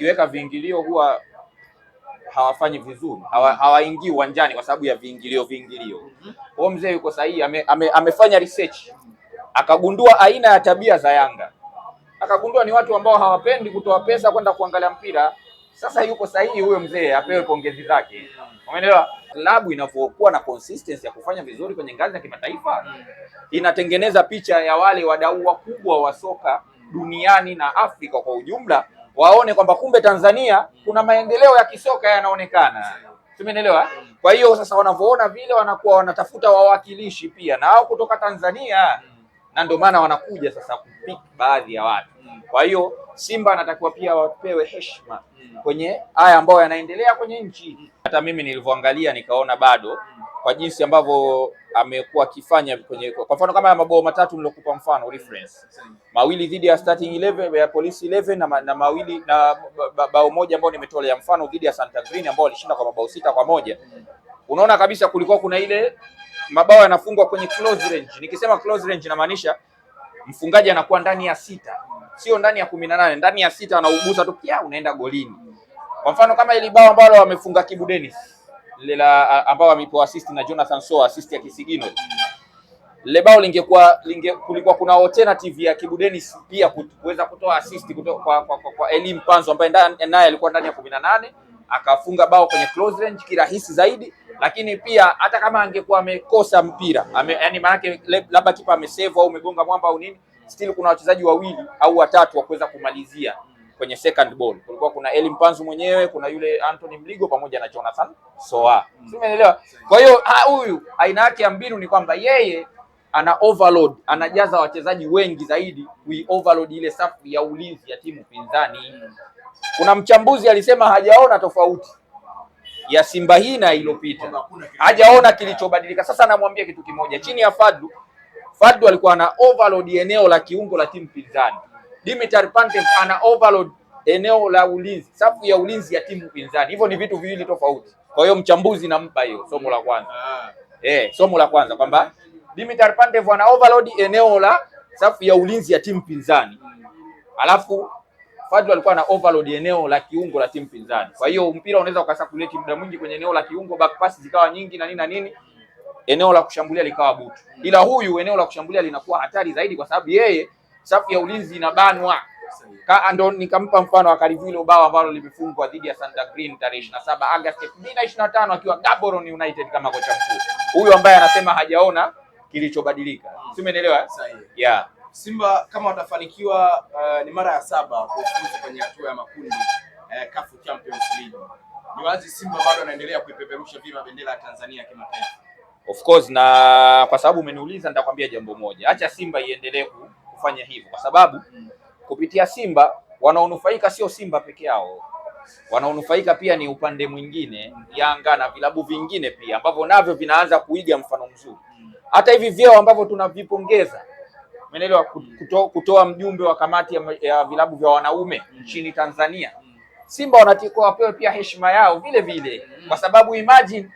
wakiweka viingilio huwa hawafanyi vizuri, hawaingii uwanjani kwa sababu ya viingilio viingilio. Kwa mzee yuko sahihi, ame, ame, amefanya research akagundua aina ya tabia za Yanga, akagundua ni watu ambao hawapendi kutoa pesa kwenda kuangalia mpira. Sasa yuko sahihi huyo mzee, apewe pongezi zake. Umeelewa? Klabu inavyokuwa na consistency ya kufanya vizuri kwenye ngazi ya kimataifa inatengeneza picha ya wale wadau wakubwa wa soka duniani na Afrika kwa ujumla waone kwamba kumbe Tanzania kuna maendeleo ya kisoka yanaonekana, tumeelewa. Kwa hiyo sasa wanavyoona vile, wanakuwa wanatafuta wawakilishi pia na wao kutoka Tanzania, na ndio maana wanakuja sasa kupik baadhi ya watu. Kwa hiyo Simba anatakiwa pia wapewe heshima kwenye haya ambayo yanaendelea kwenye nchi hata mimi nilivyoangalia nikaona bado kwa jinsi ambavyo amekuwa akifanya kwenye, kwa mfano kama mabao matatu nilokupa mfano reference mawili dhidi ya starting 11 ya polisi 11 na, na mawili na bao moja ambao nimetolea mfano dhidi ya Santa Green ambao walishinda kwa mabao sita kwa moja. Unaona kabisa kulikuwa kuna ile mabao yanafungwa kwenye close range. Nikisema close range inamaanisha mfungaji anakuwa ndani ya sita, sio ndani ya kumi na nane, ndani ya sita anaugusa tu pia unaenda golini. Kwa mfano kama ile bao ambalo wamefunga Kibu Dennis lile la ambao amepo assist na Jonathan Soa assist ya kisigino lile bao lingekuwa linge, kulikuwa kuna alternative ya Kibu Dennis pia kuweza kutoa assist kuto, kwa, kwa, kwa, kwa Elim Panzo ambaye naye alikuwa ndani ya 18 akafunga bao kwenye close range kirahisi zaidi, lakini pia hata kama angekuwa amekosa mpira ame, yani maanake labda kipa amesave au umegonga mwamba au nini, still kuna wachezaji wawili au watatu wa kuweza kumalizia kwenye second ball. Kulikuwa kuna Eli Mpanzu mwenyewe, kuna yule Anthony Mligo pamoja na Jonathan Soa. Mm. Umeelewa? Kwa hiyo huyu aina yake ya mbinu ni kwamba yeye ana overload, anajaza wachezaji wengi zaidi kui overload ile safu ya ulinzi ya timu pinzani. Hmm. Kuna mchambuzi alisema hajaona tofauti ya Simba hii na iliyopita, hajaona kilichobadilika. Sasa namwambia kitu kimoja, chini ya Fadlu, Fadlu alikuwa ana overload eneo la kiungo la timu pinzani Dimitar Pantev ana overload eneo la ulinzi, safu ya ulinzi ya timu pinzani. Hivyo ni vitu viwili tofauti. Kwa hiyo mchambuzi nampa hiyo somo la kwanza ah. eh, somo la kwanza kwamba Dimitar Pantev ana overload eneo la safu ya ulinzi ya timu pinzani, alafu Fadlu alikuwa na overload eneo la kiungo la timu pinzani. Kwa hiyo mpira unaweza ukasakuleti muda mwingi kwenye eneo la kiungo, back pass zikawa nyingi na nini na nini, eneo la kushambulia likawa butu, ila huyu eneo la kushambulia linakuwa hatari zaidi kwa sababu yeye safu ya ulinzi inabanwa. Ndo nikampa mfano wa karibu akalivilo bao ambalo limefungwa dhidi ya Santa Green tarehe 27 Agosti 2025 akiwa Gaborone United kama kocha mkuu huyu ambaye anasema hajaona kilichobadilika, si umeelewa? Yeah. Simba kama watafanikiwa, uh, ni mara ya saba kufuzu kwenye hatua ya makundi uh, CAF Champions League. Ni wazi Simba bado anaendelea kuipeperusha vyema bendera ya Tanzania kimataifa. Of course, na kwa sababu umeniuliza nitakwambia jambo moja, acha Simba iendelee kufanya hivyo, kwa sababu kupitia Simba wanaonufaika sio Simba peke yao, wanaonufaika pia ni upande mwingine, Yanga na vilabu vingine pia ambavyo navyo vinaanza kuiga mfano mzuri, hata hivi vyeo ambavyo tunavipongeza menelewa kuto, kutoa mjumbe wa kamati ya, ya vilabu vya wanaume nchini Tanzania. Simba wanatakiwa wapewe pia heshima yao vile vile, kwa sababu imagine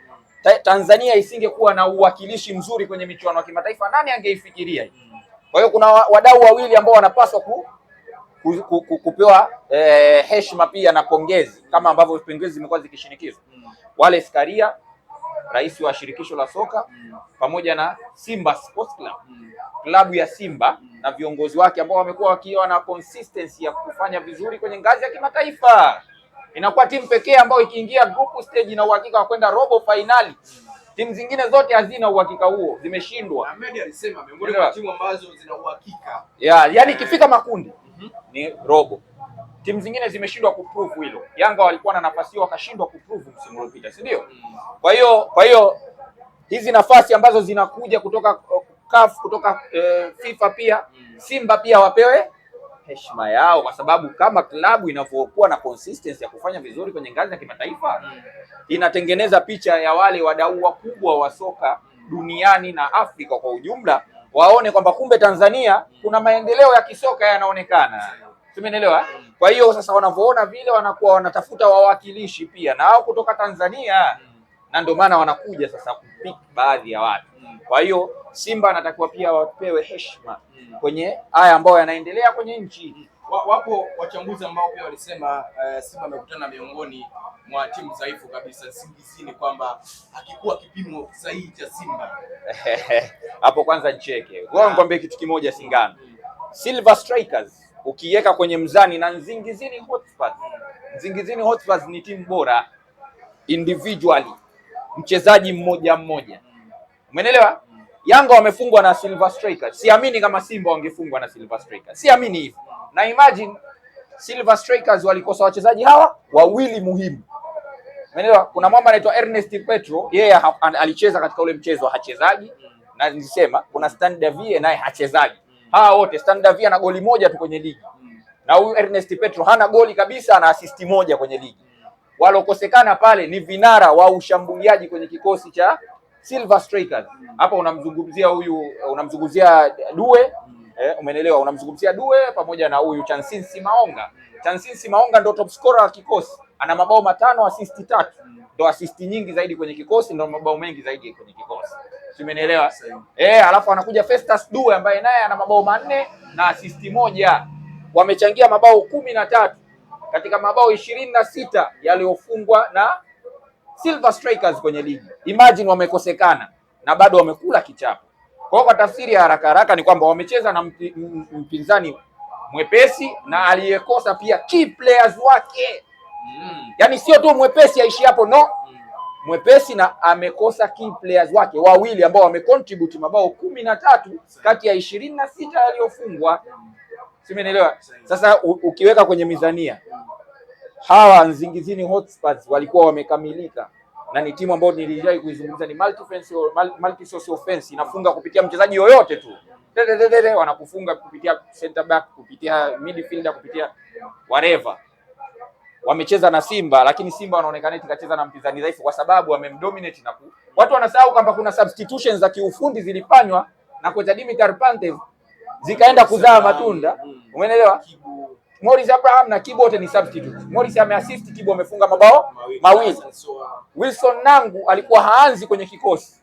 Tanzania isingekuwa na uwakilishi mzuri kwenye michuano ya kimataifa, nani angeifikiria hii? Kwa hiyo kuna wadau wawili ambao wanapaswa ku, ku, ku, ku, kupewa eh, heshima pia na pongezi kama ambavyo pongezi zimekuwa zikishinikizwa mm. Wale Karia rais wa shirikisho la soka mm. pamoja na Simba Sports Club mm. klabu ya Simba mm. na viongozi wake ambao wamekuwa wakiwa na consistency ya kufanya vizuri kwenye ngazi ya kimataifa. Inakuwa timu pekee ambayo ikiingia group stage na uhakika wa kwenda robo fainali mm. Timu zingine zote hazina uhakika huo, zimeshindwa. Ahmed alisema miongoni mwa timu ambazo zina uhakika yeah, yani ikifika makundi mm -hmm. ni robo. Timu zingine zimeshindwa kuprove hilo. Yanga walikuwa na nafasi hiyo wakashindwa kuprove msimu uliopita, si ndio? Mm. kwa hiyo kwa hiyo hizi nafasi ambazo zinakuja kutoka eh, CAF kutoka eh, FIFA pia mm. Simba pia wapewe heshima yao, kwa sababu kama klabu inavyokuwa na consistency ya kufanya vizuri kwenye ngazi ya kimataifa inatengeneza picha ya wale wadau wakubwa wa soka duniani na Afrika kwa ujumla, waone kwamba kumbe Tanzania kuna maendeleo ya kisoka yanaonekana. Tumeelewa. Kwa hiyo sasa wanavyoona vile, wanakuwa wanatafuta wawakilishi pia nao kutoka Tanzania na ndio maana wanakuja sasa kupiki baadhi ya watu. Kwa hiyo Simba anatakiwa pia wapewe heshima kwenye haya ambayo yanaendelea kwenye nchi. Wapo wachambuzi ambao pia walisema uh, Simba amekutana miongoni mwa timu dhaifu kabisa singizini, kwamba akikuwa kipimo sahihi cha Simba hapo kwanza nicheke wao. Nikwambie kitu kimoja, Singano Silver Strikers ukiweka kwenye mzani na Nzingizini Hotspurs, Nzingizini Hotspurs ni timu bora individually mchezaji mmoja mmoja, umeelewa? Yanga wamefungwa na Silver Striker. Siamini kama Simba wangefungwa na Silver Striker. Siamini hivyo. Na imagine Silver Strikers walikosa wachezaji hawa wawili muhimu. Umeelewa? Kuna mwamba anaitwa Ernest Petro, yeye yeah, alicheza katika ule mchezo hachezaji. Na nilisema kuna Stan Davie naye hachezaji. Hawa wote Stan Davie ana goli moja tu kwenye ligi. Na huyu Ernest Petro hana goli kabisa, ana asisti moja kwenye ligi walokosekana pale ni vinara wa ushambuliaji kwenye kikosi cha Silver Strikers. Hapa unamzungumzia huyu, unamzungumzia Due eh, umenelewa, unamzungumzia Due pamoja na huyu Chansinsi Maonga. Chansinsi Maonga ndo top scorer wa kikosi, ana mabao matano, asisti tatu, ndo asisti nyingi zaidi kwenye kikosi, ndo mabao mengi zaidi kwenye kikosi, si umenelewa eh? Alafu anakuja Festus Due ambaye naye ana mabao manne na asisti moja, wamechangia mabao kumi na tatu katika mabao ishirini na sita yaliyofungwa na Silver Strikers kwenye ligi. Imagine wamekosekana na bado wamekula kichapo. Kwa hiyo kwa tafsiri ya haraka haraka ni kwamba wamecheza na mpinzani mwepesi na aliyekosa pia key players wake mm. Yaani sio tu mwepesi aishi hapo no mm. Mwepesi na amekosa key players wake wawili ambao wamecontribute mabao kumi na tatu kati ya ishirini na sita yaliyofungwa, mm. simenielewa? Sasa ukiweka kwenye mizania hawa Nzingizini Hotspurs walikuwa wamekamilika na ni timu ambayo nilijai kuizungumza, ni multi offense multi source offense, inafunga kupitia mchezaji yoyote tu, dededede wanakufunga kupitia center back, kupitia midfielder, kupitia whatever. Wamecheza na Simba, lakini Simba wanaonekana eti kacheza na mpinzani dhaifu, kwa sababu wamemdominate na ku... watu wanasahau kwamba kuna substitutions za kiufundi zilifanywa na kocha Dimitar Pantev zikaenda kuzaa matunda, umeelewa? Morris Abraham na Kibu wote ni substitute. Morris ameassist, Kibu amefunga mabao mawili. Wilson Nangu alikuwa haanzi kwenye kikosi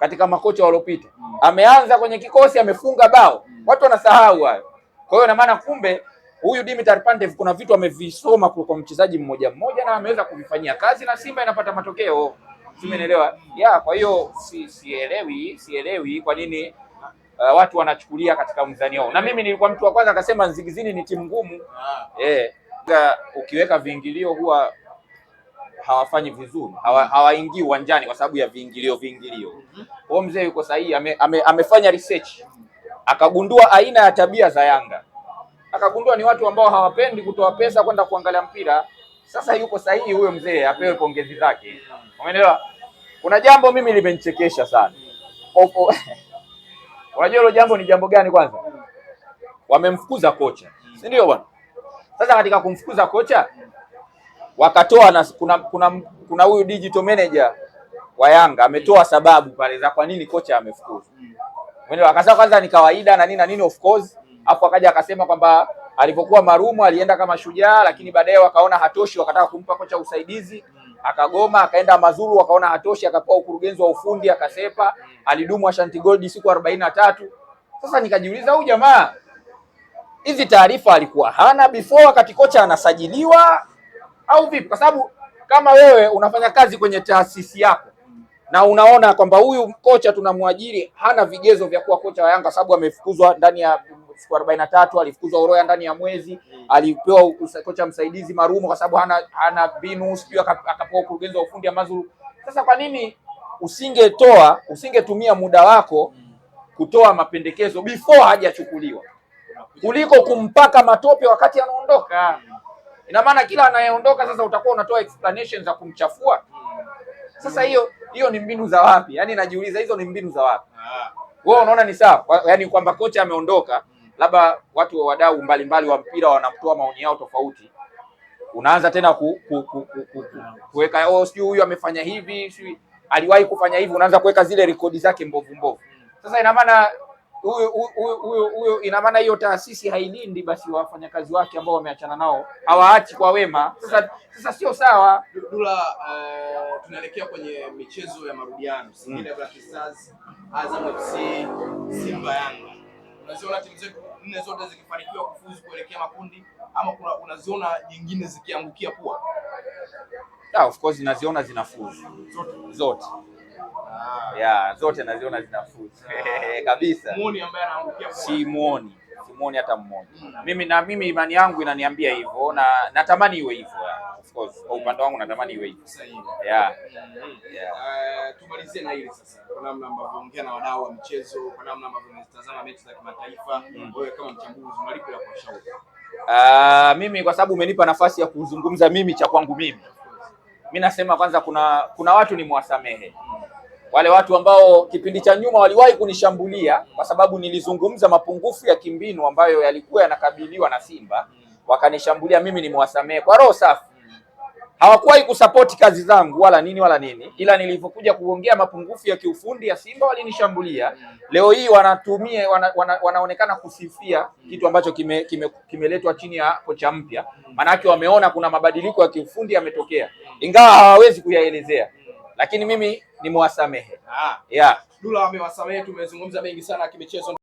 katika makocha waliopita, mm. ameanza kwenye kikosi, amefunga bao. Mm. Watu wanasahau hayo. Kwa hiyo na maana kumbe huyu Dimitar Pantev kuna vitu amevisoma kwa mchezaji mmoja mmoja, na ameweza kuvifanyia kazi na Simba inapata matokeo. Simenelewa ya, kwa hiyo sielewi, sielewi kwa nini uh, watu wanachukulia katika mzani wao, na mimi nilikuwa mtu wa kwanza akasema Nzigizini ni timu ngumu ah. eh. Ukiweka viingilio huwa hawafanyi vizuri, hawaingii uwanjani kwa sababu ya viingilio viingilio. Kwa mhm. mzee yuko sahihi, ame, ame, amefanya research akagundua aina ya tabia za Yanga, akagundua ni watu ambao hawapendi kutoa pesa kwenda kuangalia mpira. Sasa yuko sahihi huyo mzee, apewe pongezi zake. Umeelewa? Kuna jambo mimi limenichekesha sana Unajua hilo jambo ni jambo gani? Kwanza wamemfukuza kocha, si ndio bwana? Sasa katika kumfukuza kocha wakatoa na kuna kuna kuna huyu digital manager wa Yanga ametoa sababu pale za kwa nini kocha amefukuzwa. Mwenye akasema kwanza ni kawaida na nini na nini of course. Hapo akaja akasema kwamba alipokuwa marumu alienda kama shujaa, lakini baadaye wakaona hatoshi, wakataka kumpa kocha usaidizi akagoma, akaenda Mazuru, akaona hatoshi, akapewa ukurugenzi wa ufundi, akasepa, alidumu Ashanti Gold siku arobaini na tatu. Sasa nikajiuliza huyu jamaa hizi taarifa alikuwa hana before wakati kocha anasajiliwa au vipi? Kwa sababu kama wewe unafanya kazi kwenye taasisi yako na unaona kwamba huyu kocha tunamwajiri hana vigezo vya kuwa kocha wa Yanga sababu amefukuzwa ndani ya siku arobaini na tatu alifukuzwa Uroya ndani ya mwezi, alipewa kocha msaidizi Marumo kwa sababu hana hana binu, sijui akapewa ukurugenzi wa ufundi Mazuru. Sasa kwa nini usingetoa usingetumia muda wako kutoa mapendekezo before hajachukuliwa kuliko kumpaka matope wakati anaondoka? Ina maana kila anayeondoka sasa utakuwa unatoa explanations za kumchafua. Sasa hiyo hiyo ni mbinu za wapi? Yaani najiuliza hizo ni mbinu za wapi? Ah. Wewe unaona ni sawa? Yaani kwamba kocha ameondoka labda watu wa wadau mbalimbali wa mpira wanatoa maoni yao tofauti, unaanza tena ku, ku, ku, ku, ku, kuweka oh, sijui huyu amefanya hivi, sijui aliwahi kufanya hivi, unaanza kuweka zile rekodi zake mbovu mbovu. Sasa ina maana huyo huyo huyo, ina maana hiyo taasisi hailindi basi wafanyakazi wake ambao wameachana nao, hawaachi kwa wema. Sasa sasa sio sawa. Dula, uh, tunaelekea kwenye michezo ya marudiano Singida Black Stars, Azam FC, Simba, Yanga unaziona timu zetu nne zote zikifanikiwa kufuzu kuelekea makundi ama kuna unaziona nyingine zikiangukia pua? Yeah, of course naziona zinafuzu zote, zote. Ah. Yeah, zote naziona zinafuzu kabisa. Muoni ambaye anaangukia pua? Si muoni hatukwani hata mmoja. Mimi na mimi imani yangu inaniambia hivyo, na natamani iwe hivyo. Of course kwa upande wangu natamani iwe hivyo. Yeah. Mm-hmm. Yeah. Eh, tumalizie na hili sasa, kwa namna ambavyo ongea na wadau wa michezo, kwa namna ambavyo unatazama mechi za kimataifa, mm. wewe kama mchambuzi unalipi la kuwashauri? Uh, mimi kwa sababu umenipa nafasi ya kuzungumza mimi cha kwangu mimi, mi nasema kwanza, kuna kuna watu ni mwasamehe mm wale watu ambao kipindi cha nyuma waliwahi kunishambulia kwa sababu nilizungumza mapungufu ya kimbinu ambayo yalikuwa yanakabiliwa na Simba, wakanishambulia mimi, nimewasamehe kwa roho safi. Hawakuwahi kusapoti kazi zangu wala nini wala nini, ila nilivyokuja kuongea mapungufu ya kiufundi ya Simba walinishambulia. Leo hii wanatumia wana, wana, wanaonekana kusifia kitu ambacho kimeletwa kime, kime chini ya kocha mpya, maanake wameona kuna mabadiliko ya kiufundi yametokea, ingawa hawawezi kuyaelezea lakini mimi nimewasamehe. Ah. Yeah. Dula amewasamehe, tumezungumza mengi sana kimichezo.